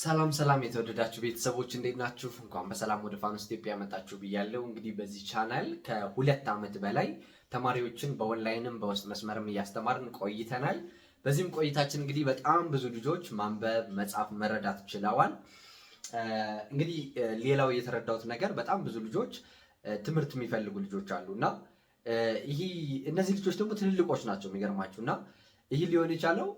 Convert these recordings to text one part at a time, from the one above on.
ሰላም ሰላም የተወደዳችሁ ቤተሰቦች እንዴት ናችሁ? እንኳን በሰላም ወደ ፋኖስ ኢትዮጵያ መጣችሁ ብያለሁ። እንግዲህ በዚህ ቻናል ከሁለት ዓመት በላይ ተማሪዎችን በኦንላይንም በውስጥ መስመርም እያስተማርን ቆይተናል። በዚህም ቆይታችን እንግዲህ በጣም ብዙ ልጆች ማንበብ፣ መጻፍ፣ መረዳት ችለዋል። እንግዲህ ሌላው የተረዳሁት ነገር በጣም ብዙ ልጆች ትምህርት የሚፈልጉ ልጆች አሉ እና ይህ እነዚህ ልጆች ደግሞ ትልልቆች ናቸው የሚገርማችሁ እና ይህ ሊሆን የቻለው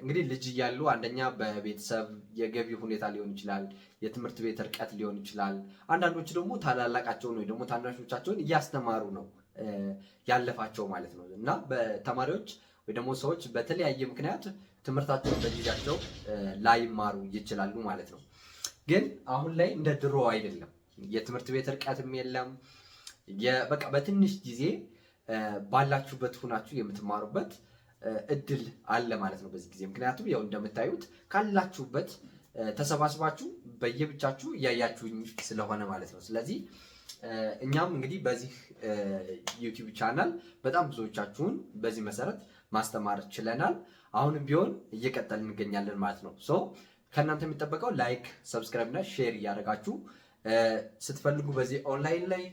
እንግዲህ ልጅ እያሉ አንደኛ በቤተሰብ የገቢ ሁኔታ ሊሆን ይችላል፣ የትምህርት ቤት እርቀት ሊሆን ይችላል። አንዳንዶች ደግሞ ታላላቃቸውን ወይ ደግሞ ታናሾቻቸውን እያስተማሩ ነው ያለፋቸው ማለት ነው እና በተማሪዎች ወይ ደግሞ ሰዎች በተለያየ ምክንያት ትምህርታቸውን በጊዜያቸው ላይማሩ ይችላሉ ማለት ነው። ግን አሁን ላይ እንደ ድሮ አይደለም። የትምህርት ቤት እርቀትም የለም። በቃ በትንሽ ጊዜ ባላችሁበት ሁናችሁ የምትማሩበት እድል አለ ማለት ነው በዚህ ጊዜ። ምክንያቱም ያው እንደምታዩት ካላችሁበት ተሰባስባችሁ በየብቻችሁ እያያችሁኝ ስለሆነ ማለት ነው። ስለዚህ እኛም እንግዲህ በዚህ ዩቲዩብ ቻናል በጣም ብዙዎቻችሁን በዚህ መሰረት ማስተማር ችለናል። አሁንም ቢሆን እየቀጠል እንገኛለን ማለት ነው። ሶ ከእናንተ የሚጠበቀው ላይክ፣ ሰብስክራይብ እና ሼር እያደረጋችሁ ስትፈልጉ በዚህ ኦንላይን ላይ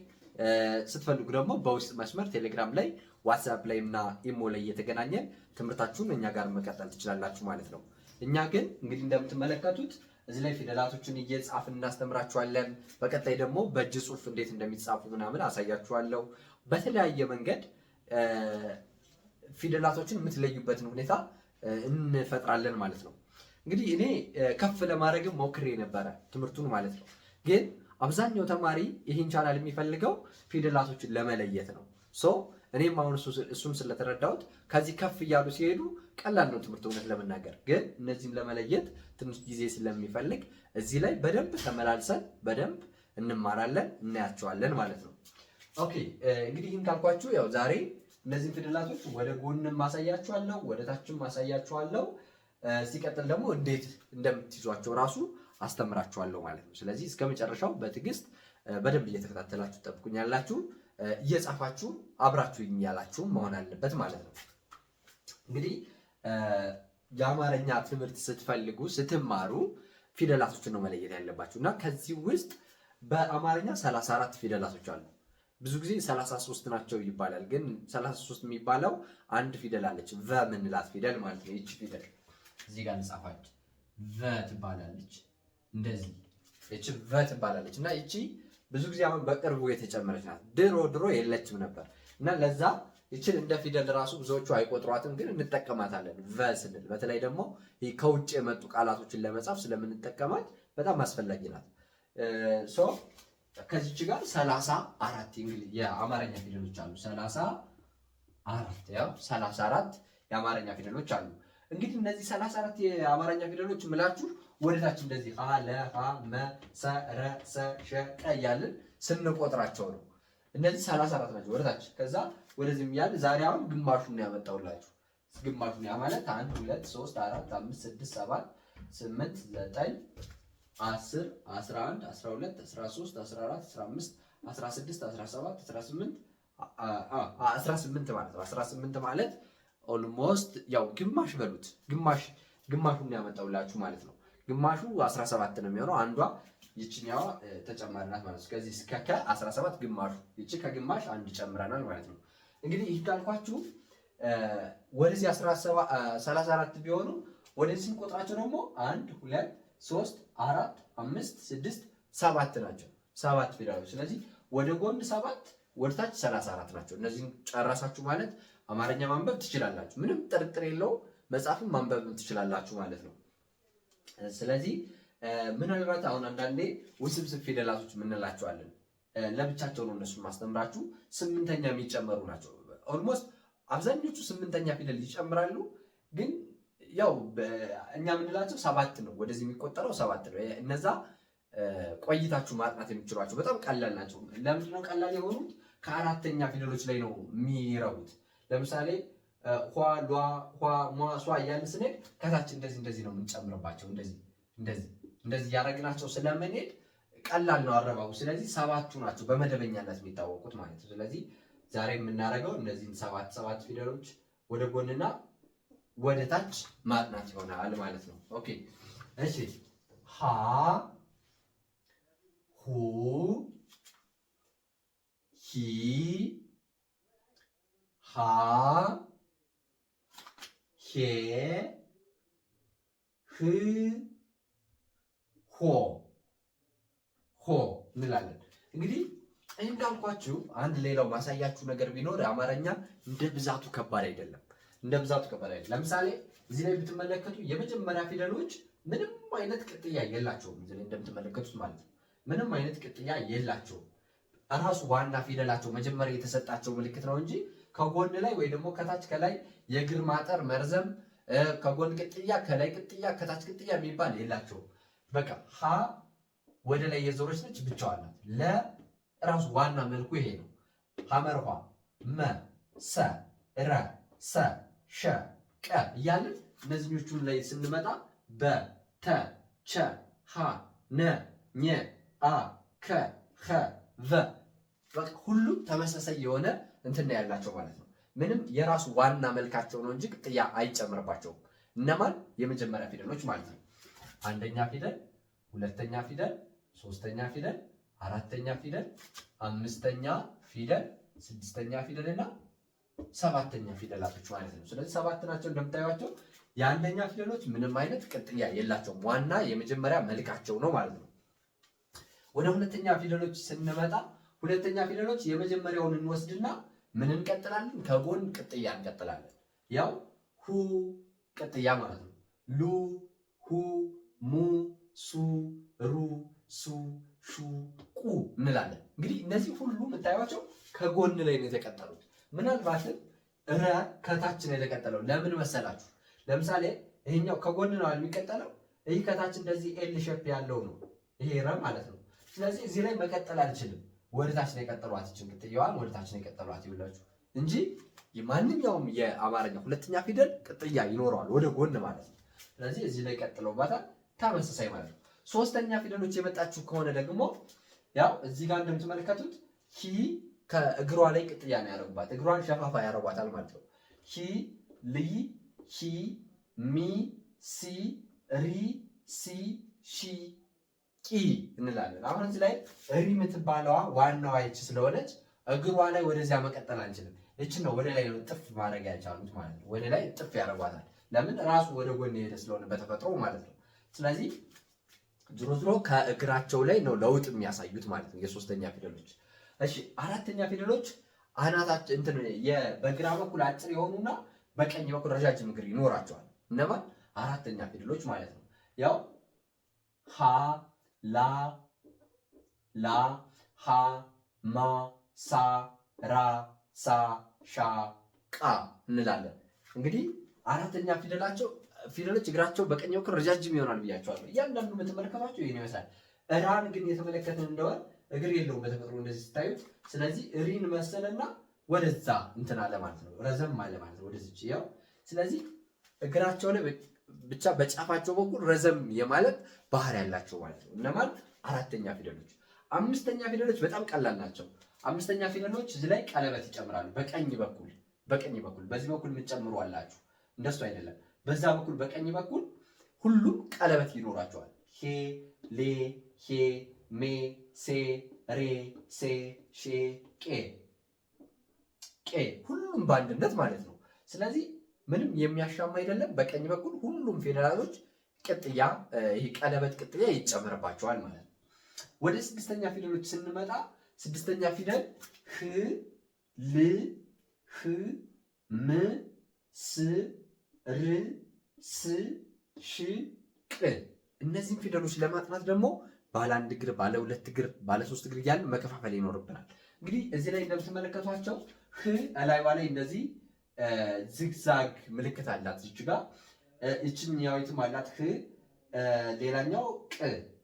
ስትፈልጉ ደግሞ በውስጥ መስመር ቴሌግራም ላይ ዋትሳፕ ላይ እና ኢሞ ላይ እየተገናኘን ትምህርታችሁን እኛ ጋር መቀጠል ትችላላችሁ ማለት ነው። እኛ ግን እንግዲህ እንደምትመለከቱት እዚህ ላይ ፊደላቶችን እየጻፍን እናስተምራችኋለን። በቀጣይ ደግሞ በእጅ ጽሑፍ እንዴት እንደሚጻፉ ምናምን አሳያችኋለሁ። በተለያየ መንገድ ፊደላቶችን የምትለዩበትን ሁኔታ እንፈጥራለን ማለት ነው። እንግዲህ እኔ ከፍ ለማድረግም ሞክሬ ነበረ ትምህርቱን ማለት ነው። ግን አብዛኛው ተማሪ ይህን ቻናል የሚፈልገው ፊደላቶችን ለመለየት ነው። እኔም አሁን እሱም ስለተረዳሁት ከዚህ ከፍ እያሉ ሲሄዱ ቀላል ነው ትምህርት እውነት ለመናገር ግን እነዚህም ለመለየት ትንሽ ጊዜ ስለሚፈልግ እዚህ ላይ በደንብ ተመላልሰን በደንብ እንማራለን እናያቸዋለን ማለት ነው። ኦኬ እንግዲህ ይህን ካልኳችሁ ያው ዛሬ እነዚህን ፊደላቶች ወደ ጎንም ማሳያችኋለሁ፣ ወደ ታችም ማሳያችኋለሁ። ሲቀጥል ደግሞ እንዴት እንደምትይዟቸው ራሱ አስተምራችኋለሁ ማለት ነው። ስለዚህ እስከ መጨረሻው በትዕግስት በደንብ እየተከታተላችሁ ጠብቁኛላችሁ። እየጻፋችሁ አብራችሁ እያላችሁ መሆን አለበት ማለት ነው። እንግዲህ የአማርኛ ትምህርት ስትፈልጉ ስትማሩ ፊደላቶችን ነው መለየት ያለባችሁ እና ከዚህ ውስጥ በአማርኛ 34 ፊደላቶች አሉ። ብዙ ጊዜ 33 ናቸው ይባላል። ግን 33 የሚባለው አንድ ፊደል አለች፣ ቨ ምንላት ፊደል ማለት ነው። ይቺ ፊደል እዚህ ጋር እንጻፋች ቨ ትባላለች። እንደዚህ ይቺ ቨ ትባላለች እና ይቺ ብዙ ጊዜ አሁን በቅርቡ የተጨመረች ናት። ድሮ ድሮ የለችም ነበር እና ለዛ ይችል እንደ ፊደል ራሱ ብዙዎቹ አይቆጥሯትም፣ ግን እንጠቀማታለን። ቨ ስንል በተለይ ደግሞ ከውጭ የመጡ ቃላቶችን ለመጻፍ ስለምንጠቀማት በጣም አስፈላጊ ናት። ከዚች ጋር ሰላሳ አራት እንግዲህ የአማርኛ ፊደሎች አሉ። ሰላሳ አራት ያው ሰላሳ አራት የአማርኛ ፊደሎች አሉ። እንግዲህ እነዚህ ሰላሳ አራት የአማርኛ ፊደሎች ምላችሁ ወደታች እንደዚህ ሀ ለ ሀ መ ሰ ረ ሰ ሸ ቀ እያልን ስንቆጥራቸው ነው። እነዚህ ሰላሳ አራት ናቸው ወደታች። ከዛ ወደዚህም እያለ ዛሬ አሁን ግማሹን ነው ያመጣውላችሁ። ግማሹን ያ ማለት አንድ ሁለት ሶስት አራት አምስት ስድስት ሰባት ስምንት ዘጠኝ አስር አስራ አንድ አስራ ሁለት አስራ ሶስት አስራ አራት አስራ አምስት አስራ ስድስት አስራ ሰባት አስራ ስምንት አስራ ስምንት ማለት ነው። አስራ ስምንት ማለት ኦልሞስት ያው ግማሽ በሉት ግማሽ ግማሹን ያመጣውላችሁ ማለት ነው። ግማሹ 17 ነው የሚሆነው። አንዷ ይችኛዋ ተጨማሪናት ማለት ነው። ከዚህ እስከ ከ17 ግማሹ ይቺ ከግማሽ አንድ ጨምረናል ማለት ነው። እንግዲህ ይህ ካልኳችሁ ወደዚህ 34 ቢሆኑ ወደዚህ ስንቆጥራቸው ደግሞ 1 2 ሶስት አራት 5 6 7 ናቸው። 7 ፊደሎች። ስለዚህ ወደ ጎን ሰባት ወደታች 34 ናቸው። እነዚህን ጨረሳችሁ ማለት አማርኛ ማንበብ ትችላላችሁ። ምንም ጥርጥር የለው መጽሐፍን ማንበብም ትችላላችሁ ማለት ነው። ስለዚህ ምናልባት አሁን አንዳንዴ ውስብስብ ፊደላቶች የምንላቸዋለን ለብቻቸው ነው እነሱን ማስተምራችሁ። ስምንተኛ የሚጨመሩ ናቸው። ኦልሞስት አብዛኞቹ ስምንተኛ ፊደል ይጨምራሉ። ግን ያው እኛ የምንላቸው ሰባት ነው፣ ወደዚህ የሚቆጠረው ሰባት ነው። እነዛ ቆይታችሁ ማጥናት የሚችሏቸው በጣም ቀላል ናቸው። ለምንድነው ቀላል የሆኑት? ከአራተኛ ፊደሎች ላይ ነው የሚረቡት። ለምሳሌ ኳ ዷ ኳ ሟ ሷ እያልን ስንሄድ ከታች እንደዚህ እንደዚህ ነው የምንጨምርባቸው። እንደዚህ እንደዚህ እንደዚህ እያደረግናቸው ስለምንሄድ ቀላል ነው አረባቡ። ስለዚህ ሰባቱ ናቸው በመደበኛነት የሚታወቁት ማለት ነው። ስለዚህ ዛሬ የምናደርገው እነዚህን ሰባት ሰባት ፊደሎች ወደ ጎንና ወደ ታች ማጥናት ይሆናል ማለት ነው። ኦኬ እሺ። ሀ ሁ ሂ ሀ ሄ ህ ሆ ሆ እንላለን። እንግዲህ እንዳልኳችሁ አንድ ሌላው ማሳያችሁ ነገር ቢኖር አማርኛ እንደ ብዛቱ ከባድ አይደለም። እንደ ብዛቱ ከባድ አይደለም። ለምሳሌ እዚህ ላይ ብትመለከቱ የመጀመሪያ ፊደሎች ምንም አይነት ቅጥያ የላቸውም። እዚህ ላይ እንደምትመለከቱት ማለት ነው። ምንም አይነት ቅጥያ የላቸውም። እራሱ ዋና ፊደላቸው መጀመሪያ የተሰጣቸው ምልክት ነው እንጂ ከጎን ላይ ወይ ደግሞ ከታች ከላይ የእግር ማጠር መርዘም፣ ከጎን ቅጥያ፣ ከላይ ቅጥያ፣ ከታች ቅጥያ የሚባል የላቸው። በቃ ሀ ወደ ላይ የዞረች ነች፣ ብቻዋን ናት። ለ ራሱ ዋና መልኩ ይሄ ነው። ሀመርኋ መ ሰ ረ ሰ ሸ ቀ እያለን እነዚኞቹን ላይ ስንመጣ በ ተ ቸ ሀ ነ ኘ አ ከ ኸ ቨ ሁሉም ተመሳሳይ የሆነ እንትና ያላቸው ማለት ነው። ምንም የራሱ ዋና መልካቸው ነው እንጂ ቅጥያ አይጨምርባቸውም። እነማን የመጀመሪያ ፊደሎች ማለት ነው። አንደኛ ፊደል፣ ሁለተኛ ፊደል፣ ሶስተኛ ፊደል፣ አራተኛ ፊደል፣ አምስተኛ ፊደል፣ ስድስተኛ ፊደል እና ሰባተኛ ፊደላቶች ማለት ነው። ስለዚህ ሰባት ናቸው እንደምታዩቸው። የአንደኛ ፊደሎች ምንም አይነት ቅጥያ የላቸውም። ዋና የመጀመሪያ መልካቸው ነው ማለት ነው። ወደ ሁለተኛ ፊደሎች ስንመጣ ሁለተኛ ፊደሎች የመጀመሪያውን እንወስድና ምን እንቀጥላለን? ከጎን ቅጥያ እንቀጥላለን። ያው ሁ ቅጥያ ማለት ነው። ሉ፣ ሁ፣ ሙ፣ ሱ፣ ሩ፣ ሱ፣ ሹ፣ ቁ እንላለን። እንግዲህ እነዚህ ሁሉ የምታዩቸው ከጎን ላይ ነው የተቀጠሉት። ምናልባትም ረ ከታች ነው የተቀጠለው። ለምን መሰላችሁ? ለምሳሌ ይሄኛው ከጎን ነው የሚቀጠለው። ይህ ከታች እንደዚህ ኤል ሸፕ ያለው ነው። ይሄ ረ ማለት ነው። ስለዚህ እዚህ ላይ መቀጠል አልችልም። ወደታች ነው የቀጠሏት። ይችን ቅጥያዋን ወደታች ነው የቀጠሏት ይብላችሁ እንጂ ማንኛውም የአማርኛ ሁለተኛ ፊደል ቅጥያ ይኖረዋል፣ ወደ ጎን ማለት ነው። ስለዚህ እዚህ ላይ ቀጥለውባታል፣ ተመሳሳይ ማለት ነው። ሶስተኛ ፊደሎች የመጣችሁ ከሆነ ደግሞ ያው እዚህ ጋር እንደምትመለከቱት ሂ ከእግሯ ላይ ቅጥያ ነው ያደረጉባት፣ እግሯን ሸፋፋ ያደረጓታል ማለት ነው። ሂ ሊ ሂ ሚ ሲ ሪ ሲ ሺ ቂ እንላለን። አሁን እዚህ ላይ ሪ የምትባለዋ ዋናዋ ይች ስለሆነች እግሯ ላይ ወደዚያ መቀጠል አንችልም። ይችን ነው ወደ ላይ ነው ጥፍ ማድረግ ያልቻሉት ማለት ነው። ወደ ላይ ጥፍ ያደርጓታል። ለምን ራሱ ወደ ጎን የሄደ ስለሆነ በተፈጥሮ ማለት ነው። ስለዚህ ዝሮ ዝሮ ከእግራቸው ላይ ነው ለውጥ የሚያሳዩት ማለት ነው። የሶስተኛ ፊደሎች እሺ፣ አራተኛ ፊደሎች አናታቸው እንትን በግራ በኩል አጭር የሆኑና በቀኝ በኩል ረጃጅም እግር ይኖራቸዋል። እነማን? አራተኛ ፊደሎች ማለት ነው። ያው ሃ? ላ ላ ሀ ማ ሳ ራ ሳ ሻ ቃ እንላለን። እንግዲህ አራተኛ ፊደላቸው ፊደሎች እግራቸው በቀኝ በኩል ረጃጅም ይሆናል ብያቸዋለሁ። እያንዳንዱ የምትመለከቷቸው ይህን ይመስላል። እራን ግን የተመለከትን እንደሆነ እግር የለውም በተፈጥሮ እንደዚህ ስታዩት። ስለዚህ እሪን መሰለና ወደዛ እንትን አለ ማለት ነው፣ ረዘም አለ ማለት ነው ወደዚች ያው። ስለዚህ እግራቸው ላይ ብቻ በጫፋቸው በኩል ረዘም የማለት ባህር ያላቸው ማለት ነው። እነማን? አራተኛ ፊደሎች። አምስተኛ ፊደሎች በጣም ቀላል ናቸው። አምስተኛ ፊደሎች እዚህ ላይ ቀለበት ይጨምራሉ። በቀኝ በኩል በቀኝ በኩል በዚህ በኩል የምትጨምሩ አላችሁ። እንደሱ አይደለም። በዛ በኩል በቀኝ በኩል ሁሉም ቀለበት ይኖራቸዋል። ሄ ሌ ሄ ሜ ሴ ሬ ሴ ሼ ቄ ቄ ሁሉም በአንድነት ማለት ነው። ስለዚህ ምንም የሚያሻማ አይደለም። በቀኝ በኩል ሁሉም ፌደራሎች ቅጥያ ይህ ቀለበት ቅጥያ ይጨመርባቸዋል ማለት ነው። ወደ ስድስተኛ ፊደሎች ስንመጣ ስድስተኛ ፊደል ህ ል ህ ም ስ ር ስ ሽ ቅ እነዚህን ፊደሎች ለማጥናት ደግሞ ባለ አንድ እግር፣ ባለ ሁለት እግር፣ ባለ ሶስት እግር እያልን መከፋፈል ይኖርብናል። እንግዲህ እዚህ ላይ እንደምትመለከቷቸው ህ እላይዋ ላይ እንደዚህ ዝግዛግ ምልክት አላት እዚች ጋር እችን እችኛዊትም አላት ህ ሌላኛው ቅ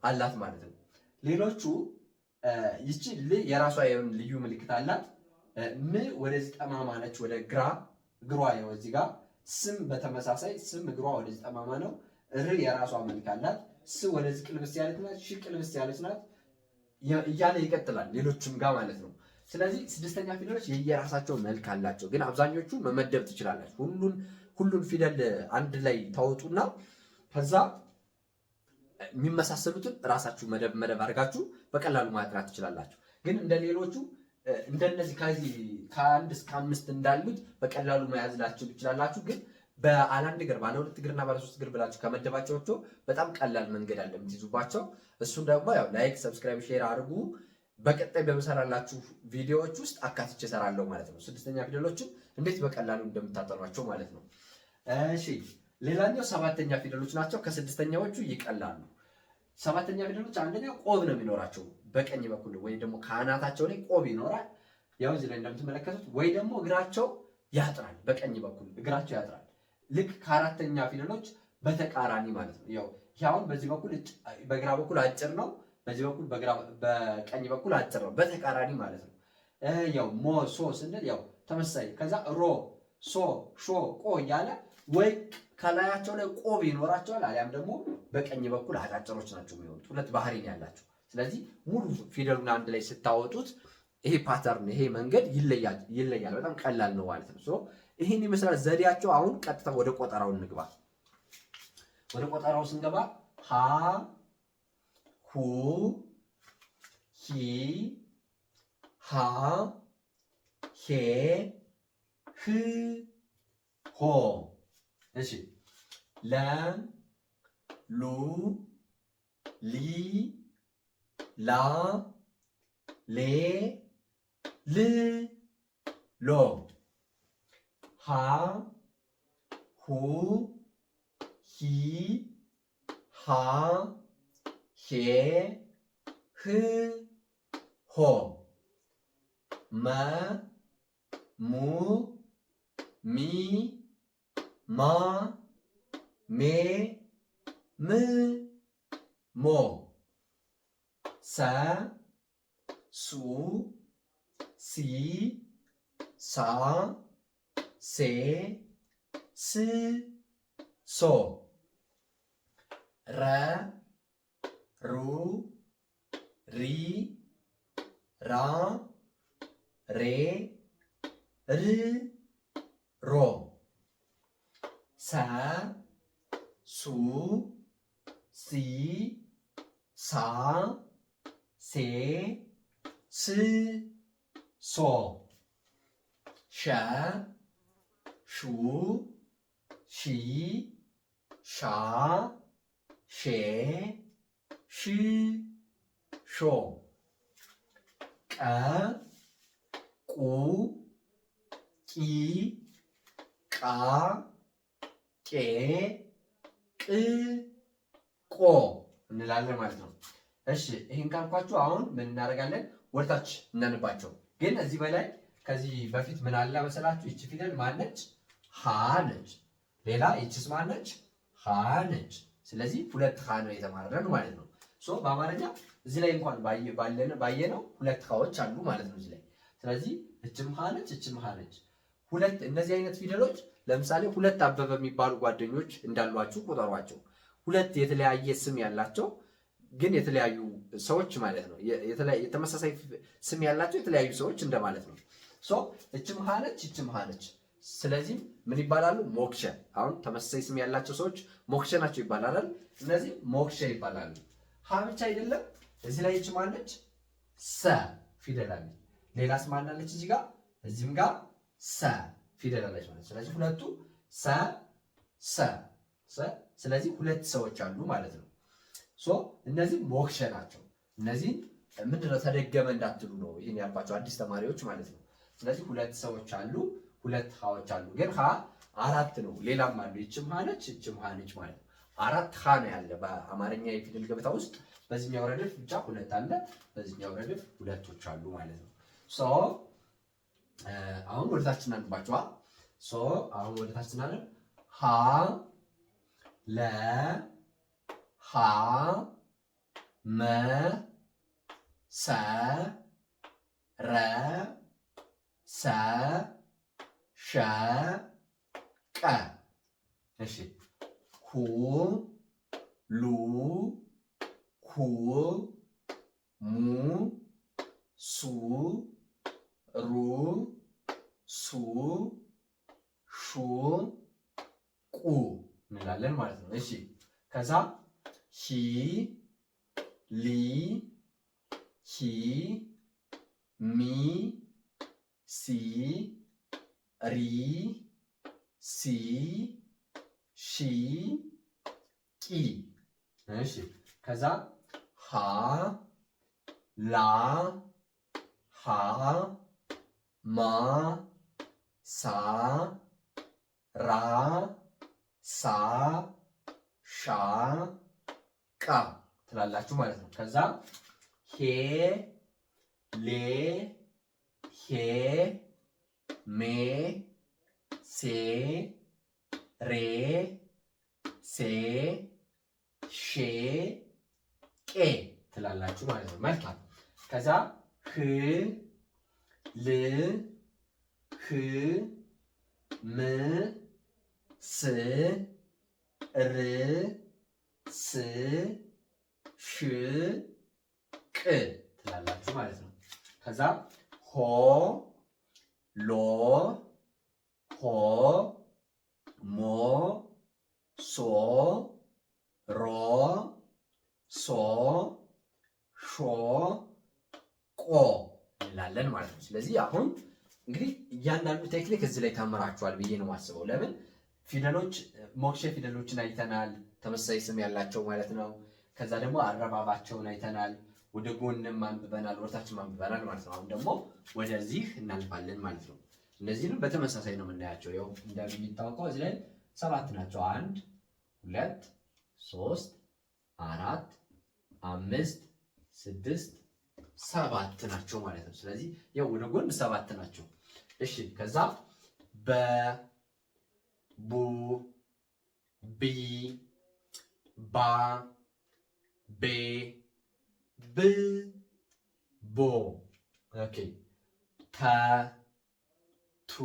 አላት ማለት ነው። ሌሎቹ ይቺ ል የራሷ ልዩ ምልክት አላት። ም ወደዚህ ጠማማ ነች፣ ወደ ግራ ግሯ ነው። እዚህ ጋር። ስም በተመሳሳይ ስም እግሯ ወደዚህ ጠማማ ነው። ር የራሷ መልክ አላት። ስ ወደዚህ ቅልብስ ያለች ናት። ሽ ቅልብስ ያለች ናት። እያለ ይቀጥላል ሌሎችም ጋር ማለት ነው። ስለዚህ ስድስተኛ ፊደሎች የየራሳቸው መልክ አላቸው፣ ግን አብዛኞቹ መመደብ ትችላላችሁ ሁሉን ሁሉን ፊደል አንድ ላይ ታወጡና ከዛ የሚመሳሰሉትን ራሳችሁ መደብ መደብ አድርጋችሁ በቀላሉ ማጥራት ትችላላችሁ። ግን እንደ ሌሎቹ እንደነዚህ ከዚህ ከአንድ እስከ አምስት እንዳሉት በቀላሉ መያዝ ላችሁ ትችላላችሁ። ግን በአላንድ እግር ባለ ሁለት እግርና ባለ ሶስት እግር ብላችሁ ከመደባቸው በጣም ቀላል መንገድ አለ የምትይዙባቸው። እሱን ደግሞ ያው ላይክ፣ ሰብስክራይብ፣ ሼር አድርጉ። በቀጣይ በምሰራላችሁ ቪዲዮዎች ውስጥ አካትቼ እሰራለሁ ማለት ነው። ስድስተኛ ፊደሎችን እንዴት በቀላሉ እንደምታጠሯቸው ማለት ነው። እሺ ሌላኛው ሰባተኛ ፊደሎች ናቸው። ከስድስተኛዎቹ ይቀላሉ። ሰባተኛ ፊደሎች አንደኛው ቆብ ነው የሚኖራቸው በቀኝ በኩል ወይ ደግሞ ከአናታቸው ላይ ቆብ ይኖራል። ያው እዚህ ላይ እንደምትመለከቱት ወይ ደግሞ እግራቸው ያጥራል። በቀኝ በኩል እግራቸው ያጥራል። ልክ ከአራተኛ ፊደሎች በተቃራኒ ማለት ነው። ያው አሁን በዚህ በኩል በግራ በኩል አጭር ነው፣ በዚህ በኩል በቀኝ በኩል አጭር ነው። በተቃራኒ ማለት ነው። ያው ሞ ሶ ስንል ያው ተመሳሳይ ከዛ ሮ ሶ ሾ ቆ እያለ ወይ ከላያቸው ላይ ቆብ ይኖራቸዋል፣ አሊያም ደግሞ በቀኝ በኩል አጫጭሮች ናቸው የሚሆኑት። ሁለት ባህሪ ነው ያላቸው። ስለዚህ ሙሉ ፊደሉን አንድ ላይ ስታወጡት ይሄ ፓተርን ይሄ መንገድ ይለያል በጣም ቀላል ነው ማለት ነው። ይህን ይመስላል ዘዴያቸው። አሁን ቀጥታ ወደ ቆጠራው እንግባ። ወደ ቆጠራው ስንገባ ሀ ሁ ሂ ሀ ሄ ህ ሆ 那是，兰、卢、李、兰、雷、李、罗、杭、胡、希、杭、谢、呼、霍、马、穆、米。ma, me, me, mo. Sa, su, si, sa, se, si, so. Ra, ru, ri, ra, re, R ro. ሰ ሱ ሲ ሳ ሴ ስ ሶ ሸ ሹ ሺ ሻ ሼ ሽ ሾ ቀ ቁ ቂ ቃ ቄ ቅ ቆ እንላለን ማለት ነው። እሺ ይህን ካልኳችሁ አሁን ምን እናደርጋለን? ወደታች እናንባቸው። ግን እዚህ በላይ ከዚህ በፊት ምን አለ መሰላችሁ? ይቺ ፊደል ማነች? ሀ ነች። ሌላ ይቺስ ማነች? ሀ ነች። ስለዚህ ሁለት ሀ ነው የተማረን ማለት ነው። ሶ በአማርኛ እዚህ ላይ እንኳን ባየነው ሁለት ሀዎች አሉ ማለት ነው እዚህ ላይ። ስለዚህ እችም ሀ ነች፣ እችም ሀ ነች። ሁለት እነዚህ አይነት ፊደሎች ለምሳሌ ሁለት አበበ የሚባሉ ጓደኞች እንዳሏችሁ ቁጠሯቸው። ሁለት የተለያየ ስም ያላቸው ግን የተለያዩ ሰዎች ማለት ነው። የተመሳሳይ ስም ያላቸው የተለያዩ ሰዎች እንደማለት ነው። እችም ሀነች እችም ሀነች። ስለዚህም ምን ይባላሉ? ሞክሸ። አሁን ተመሳሳይ ስም ያላቸው ሰዎች ሞክሸ ናቸው ይባላል። እነዚህ ሞክሸ ይባላሉ። ሀ ብቻ አይደለም። እዚህ ላይ እች ሰ ፊደላለች። ሌላ ስም እዚህ ጋር እዚህም ጋር ሰ ፊደል አለች ማለት። ስለዚህ ሁለቱ ሰ ሰ ሰ ስለዚህ ሁለት ሰዎች አሉ ማለት ነው። ሶ እነዚህ ሞክሸ ናቸው። እነዚህ ምንድነው ተደገመ እንዳትሉ ነው ይህን ያልኳቸው አዲስ ተማሪዎች ማለት ነው። ስለዚህ ሁለት ሰዎች አሉ፣ ሁለት ሀዎች አሉ። ግን ሀ አራት ነው። ሌላም አሉ። ይችም ሀ ነች፣ ይችም ሀ ነች ማለት ነው። አራት ሀ ነው ያለ በአማርኛ የፊደል ገበታ ውስጥ። በዚህኛው ረድፍ ብቻ ሁለት አለ፣ በዚህኛው ረድፍ ሁለቶች አሉ ማለት ነው። አሁን ወደ ታች እናንባቸዋል። ሶ አሁን ወደ ታች እናንብ ሀ ለ ሀ መ ሰ ረ ሰ ሸ ቀ እሺ ኩ ሉ ኩ ሙ ሱ ሩ ሱ ሹ ቁ እንላለን ማለት ነው። እሺ ከዛ ሂ ሊ ሂ ሚ ሲ ሪ ሲ ሺ ቂ እሺ ከዛ ሃ ላ ሃ ማ ሳ ራ ሳ ሻ ቃ ትላላችሁ ማለት ነው። ከዛ ሄ ሌ ሄ ሜ ሴ ሬ ሴ ሼ ቄ ትላላችሁ ማለት ነው። መልካም ከዛ ህ ል ህ ም ስ ር ስ ሽ ቅ ትላላችሁ ማለት ነው። ከዛ ሆ ሎ ሆ ሞ ሶ ሮ ሶ ሾ ቆ እንላለን ማለት ነው። ስለዚህ አሁን እንግዲህ እያንዳንዱ ቴክኒክ እዚህ ላይ ተምራችኋል ብዬ ነው የማስበው። ለምን ፊደሎች ሞክሼ ፊደሎችን አይተናል፣ ተመሳሳይ ስም ያላቸው ማለት ነው። ከዛ ደግሞ አረባባቸውን አይተናል፣ ወደ ጎንም አንብበናል፣ ወደታችም አንብበናል ማለት ነው። አሁን ደግሞ ወደዚህ እናልፋለን ማለት ነው። እነዚህንም በተመሳሳይ ነው የምናያቸው። ያው እንደሚታወቀው እዚህ ላይ ሰባት ናቸው። አንድ ሁለት ሶስት አራት አምስት ስድስት ሰባት ናቸው ማለት ነው። ስለዚህ ያው ወደ ጎን ሰባት ናቸው። እሺ ከዛ በ ቡ ቢ ባ ቤ ብ ቦ ኦኬ ተ ቱ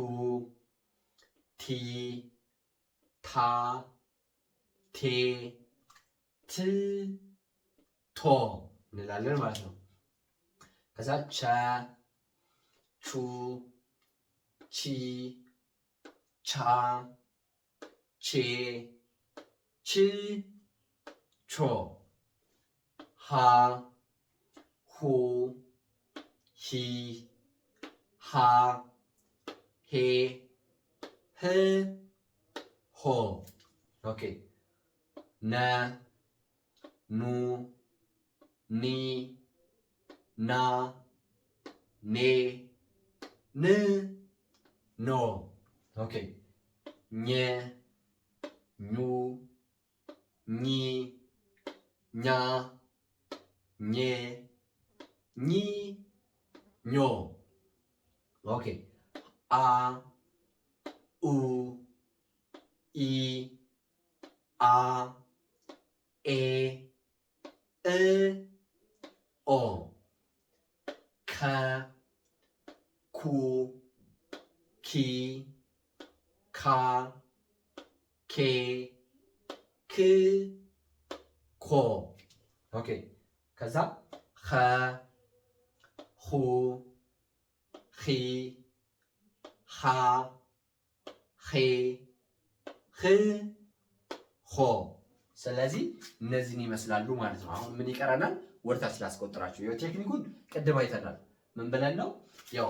ቲ ታ ቴ ት ቶ እንላለን ማለት ነው። ከዛ ቸ ቹ ቺ ቻ ቼ ች ቾ ሃ ሁ ሂ ሃ ሄ ህ ሆ ኦኬ ነ ኑ ኒ na, ne, ne, no. Okay. Nye, nu, ni, nya, ne ni, nyo. Okay. A, u, i, a, e, e, o. ኩ ኪ ካ ኬ ክ ኮ ኦኬ። ከዛ ኸ ኹ ኺ ኻ ኼ ኽ ኾ። ስለዚህ እነዚህን ይመስላሉ ማለት ነው። አሁን ምን ይቀረናል? ወደታች ላስቆጥራችሁ። ይኸው ቴክኒኩን ቅድም አይተናል። ምን ብለን ነው ያው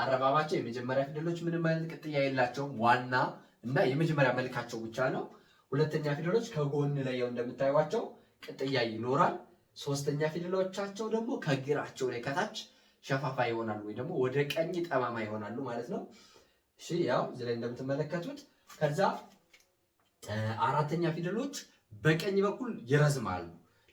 አረባባቸው የመጀመሪያ ፊደሎች ምንም አይነት ቅጥያ የላቸውም። ዋና እና የመጀመሪያ መልካቸው ብቻ ነው። ሁለተኛ ፊደሎች ከጎን ላይ ያው እንደምታዩዋቸው ቅጥያ ይኖራል። ሶስተኛ ፊደሎቻቸው ደግሞ ከግራቸው ላይ ከታች ሸፋፋ ይሆናሉ ወይ ደግሞ ወደ ቀኝ ጠማማ ይሆናሉ ማለት ነው። እሺ ያው እዚህ ላይ እንደምትመለከቱት ከዛ አራተኛ ፊደሎች በቀኝ በኩል ይረዝማሉ።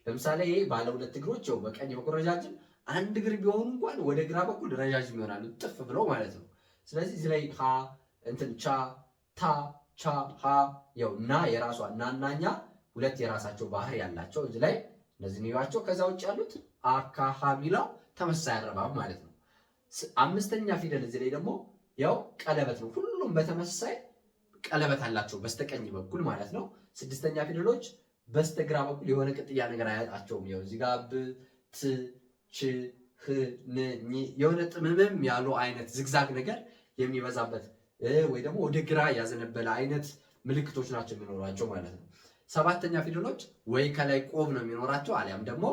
ለምሳሌ ይሄ ባለ ሁለት እግሮች ያው በቀኝ በኩል ረጃጅም አንድ እግር ቢሆኑ እንኳን ወደ ግራ በኩል ረዣዥም ይሆናሉ ጥፍ ብለው ማለት ነው። ስለዚህ እዚህ ላይ ሀ እንትን ቻ ታ ቻ ሀ ያው ና የራሷ ና እና ኛ ሁለት የራሳቸው ባህር ያላቸው እዚህ ላይ እነዚህ ንዋቸው። ከዛ ውጭ ያሉት አካሃ ሚለው ተመሳሳይ አረባብ ማለት ነው። አምስተኛ ፊደል እዚህ ላይ ደግሞ ያው ቀለበት ነው። ሁሉም በተመሳሳይ ቀለበት አላቸው በስተቀኝ በኩል ማለት ነው። ስድስተኛ ፊደሎች በስተግራ በኩል የሆነ ቅጥያ ነገር አያጣቸውም። ያው እዚህ ጋር ብ ት ች ህ ን ኝ የሆነ ጥምምም ያሉ አይነት ዝግዛግ ነገር የሚበዛበት ወይ ደግሞ ወደ ግራ ያዘነበለ አይነት ምልክቶች ናቸው የሚኖራቸው ማለት ነው። ሰባተኛ ፊደሎች ወይ ከላይ ቆብ ነው የሚኖራቸው አሊያም ደግሞ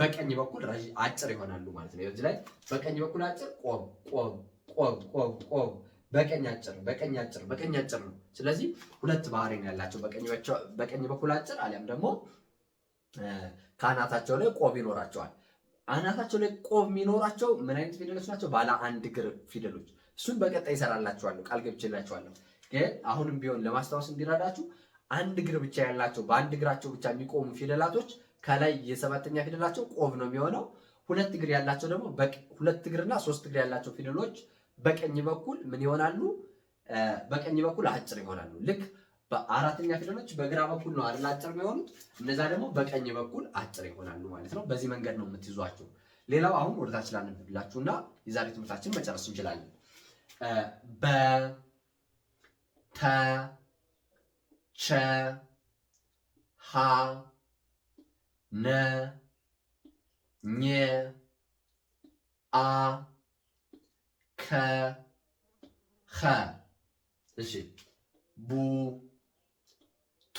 በቀኝ በኩል አጭር ይሆናሉ ማለት ነው። እዚህ ላይ በቀኝ በኩል አጭር ቆብ ቆብ ቆብ ቆብ ቆብ በቀኝ አጭር በቀኝ አጭር በቀኝ አጭር ነው። ስለዚህ ሁለት ባህሪ ነው ያላቸው በቀኝ በኩል አጭር አሊያም ደግሞ ከአናታቸው ላይ ቆብ ይኖራቸዋል። አናታቸው ላይ ቆብ የሚኖራቸው ምን አይነት ፊደሎች ናቸው? ባለ አንድ እግር ፊደሎች። እሱን በቀጣይ ይሰራላችኋለሁ፣ ቃል ገብቼላችኋለሁ። ግን አሁንም ቢሆን ለማስታወስ እንዲረዳችሁ አንድ እግር ብቻ ያላቸው በአንድ እግራቸው ብቻ የሚቆሙ ፊደላቶች ከላይ የሰባተኛ ፊደላቸው ቆብ ነው የሚሆነው። ሁለት እግር ያላቸው ደግሞ ሁለት እግርና ሶስት እግር ያላቸው ፊደሎች በቀኝ በኩል ምን ይሆናሉ? በቀኝ በኩል አጭር ይሆናሉ። ልክ በአራተኛ ፊደሎች በግራ በኩል ነው አይደል አጭር የሚሆኑት። እነዛ ደግሞ በቀኝ በኩል አጭር ይሆናሉ ማለት ነው። በዚህ መንገድ ነው የምትይዟቸው። ሌላው አሁን ወደታች ላንብብላችሁና የዛሬ ትምህርታችን መጨረስ እንችላለን። በ ተ ቸ ሀ ነ ኘ አ ከ ኸ እሺ ቡ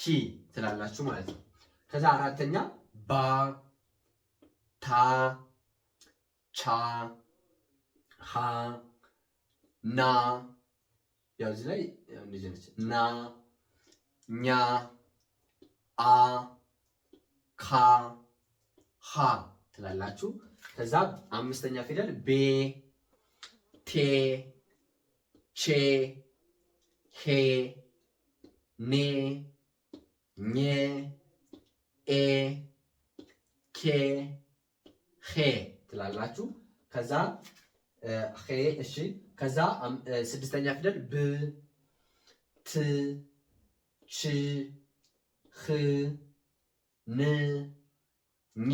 ሂ ትላላችሁ ማለት ነው። ከዛ አራተኛ ባ ታ ቻ ሃ ና ያው እዚህ ላይ እንደዚህ ነች። ና ኛ አ ካ ሃ ትላላችሁ። ከዛ አምስተኛ ፊደል ቤ ቴ ቼ ሄ ኔ ኘ ኤ ኬ ኼ ትላላችሁ። ከዛ ኼ እሺ። ከዛ ስድስተኛ ፊደል ብ ት ች ህ ን ኚ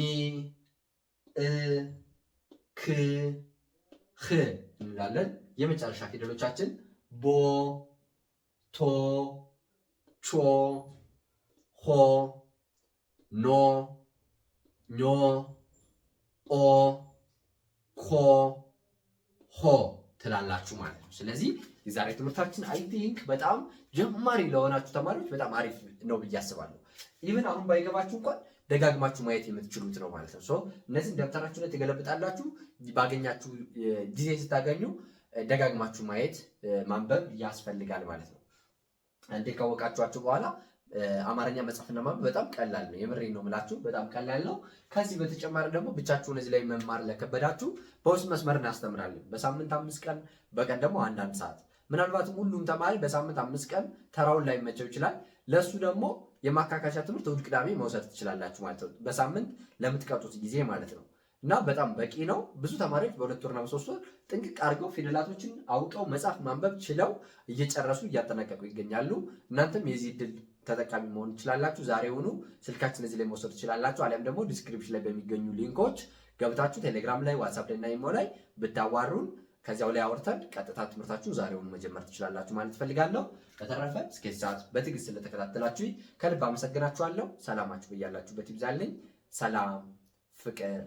እ ክ ህ እንላለን። የመጨረሻ ፊደሎቻችን ቦ ቶ ቾ ሆ ኖ ኞ ኦ ኮ ሆ ትላላችሁ ማለት ነው። ስለዚህ የዛሬ ትምህርታችን አይ ቲንክ በጣም ጀማሪ ለሆናችሁ ተማሪዎች በጣም አሪፍ ነው ብዬ አስባለሁ። ኢቨን አሁን ባይገባችሁ እንኳን ደጋግማችሁ ማየት የምትችሉት ነው ማለት ነው። እነዚህን ደብተራችሁ ላይ ትገለብጣላችሁ። ባገኛችሁ ጊዜ ስታገኙ ደጋግማችሁ ማየት ማንበብ ያስፈልጋል ማለት ነው። እንዴ ካወቃችኋቸው በኋላ አማርኛ መጻፍና ማንበብ በጣም ቀላል ነው። የምሬ ነው የምላችሁ፣ በጣም ቀላል ነው። ከዚህ በተጨማሪ ደግሞ ብቻችሁን እዚህ ላይ መማር ለከበዳችሁ በውስጥ መስመር እናስተምራለን። በሳምንት አምስት ቀን፣ በቀን ደግሞ አንዳንድ ሰዓት። ምናልባትም ሁሉም ተማሪ በሳምንት አምስት ቀን ተራውን ላይመቸው ይችላል። ለእሱ ደግሞ የማካካሻ ትምህርት እሑድ፣ ቅዳሜ መውሰድ ትችላላችሁ ማለት ነው። በሳምንት ለምትቀጡት ጊዜ ማለት ነው። እና በጣም በቂ ነው። ብዙ ተማሪዎች በሁለት ወርና በሶስት ወር ጥንቅቅ አድርገው ፊደላቶችን አውቀው መጻፍ ማንበብ ችለው እየጨረሱ እያጠናቀቁ ይገኛሉ። እናንተም የዚህ ድል ተጠቃሚ መሆን ትችላላችሁ። ዛሬውኑ ስልካችን እዚህ ላይ መውሰድ ትችላላችሁ። አሊያም ደግሞ ዲስክሪፕሽን ላይ በሚገኙ ሊንኮች ገብታችሁ ቴሌግራም ላይ፣ ዋትሳፕ ላይ እና ኢሞ ላይ ብታዋሩን ከዚያው ላይ አውርተን ቀጥታ ትምህርታችሁ ሆኑ መጀመር ትችላላችሁ ማለት ፈልጋለሁ። በተረፈ እስከ ሰዓት በትዕግስት ስለተከታተላችሁ ከልብ አመሰግናችኋለሁ። ሰላማችሁ በያላችሁበት ይብዛልኝ። ሰላም፣ ፍቅር፣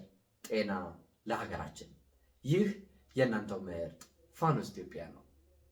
ጤና ለሀገራችን። ይህ የእናንተው ምርጥ ፋኖስ ኢትዮጵያ ነው።